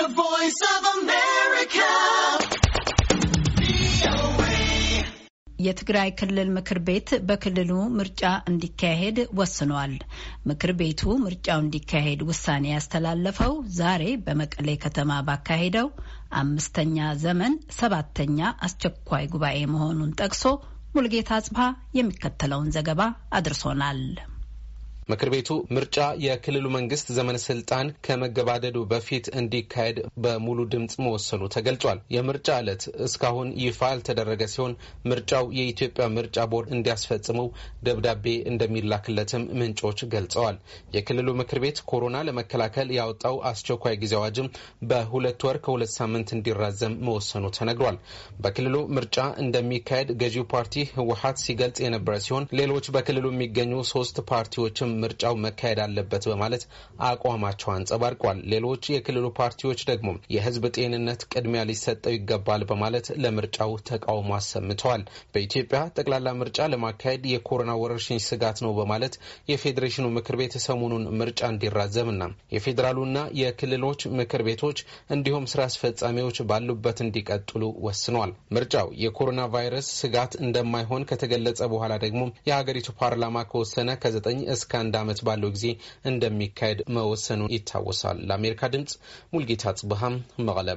The Voice of America. የትግራይ ክልል ምክር ቤት በክልሉ ምርጫ እንዲካሄድ ወስኗል። ምክር ቤቱ ምርጫው እንዲካሄድ ውሳኔ ያስተላለፈው ዛሬ በመቀሌ ከተማ ባካሄደው አምስተኛ ዘመን ሰባተኛ አስቸኳይ ጉባኤ መሆኑን ጠቅሶ ሙልጌታ አጽብሃ የሚከተለውን ዘገባ አድርሶናል። ምክር ቤቱ ምርጫ የክልሉ መንግስት ዘመነ ስልጣን ከመገባደዱ በፊት እንዲካሄድ በሙሉ ድምፅ መወሰኑ ተገልጿል። የምርጫ ዕለት እስካሁን ይፋ ያልተደረገ ሲሆን ምርጫው የኢትዮጵያ ምርጫ ቦርድ እንዲያስፈጽመው ደብዳቤ እንደሚላክለትም ምንጮች ገልጸዋል። የክልሉ ምክር ቤት ኮሮና ለመከላከል ያወጣው አስቸኳይ ጊዜ አዋጅም በሁለት ወር ከሁለት ሳምንት እንዲራዘም መወሰኑ ተነግሯል። በክልሉ ምርጫ እንደሚካሄድ ገዢው ፓርቲ ህወሀት ሲገልጽ የነበረ ሲሆን ሌሎች በክልሉ የሚገኙ ሶስት ፓርቲዎችም ምርጫው መካሄድ አለበት በማለት አቋማቸው አንጸባርቋል። ሌሎች የክልሉ ፓርቲዎች ደግሞ የህዝብ ጤንነት ቅድሚያ ሊሰጠው ይገባል በማለት ለምርጫው ተቃውሞ አሰምተዋል። በኢትዮጵያ ጠቅላላ ምርጫ ለማካሄድ የኮሮና ወረርሽኝ ስጋት ነው በማለት የፌዴሬሽኑ ምክር ቤት ሰሞኑን ምርጫ እንዲራዘምና የፌዴራሉና የክልሎች ምክር ቤቶች እንዲሁም ስራ አስፈጻሚዎች ባሉበት እንዲቀጥሉ ወስኗል። ምርጫው የኮሮና ቫይረስ ስጋት እንደማይሆን ከተገለጸ በኋላ ደግሞ የሀገሪቱ ፓርላማ ከወሰነ ከዘጠኝ እስከ አንድ ዓመት ባለው ጊዜ እንደሚካሄድ መወሰኑ ይታወሳል። ለአሜሪካ ድምጽ ሙልጌታ ጽብሃም መቀለም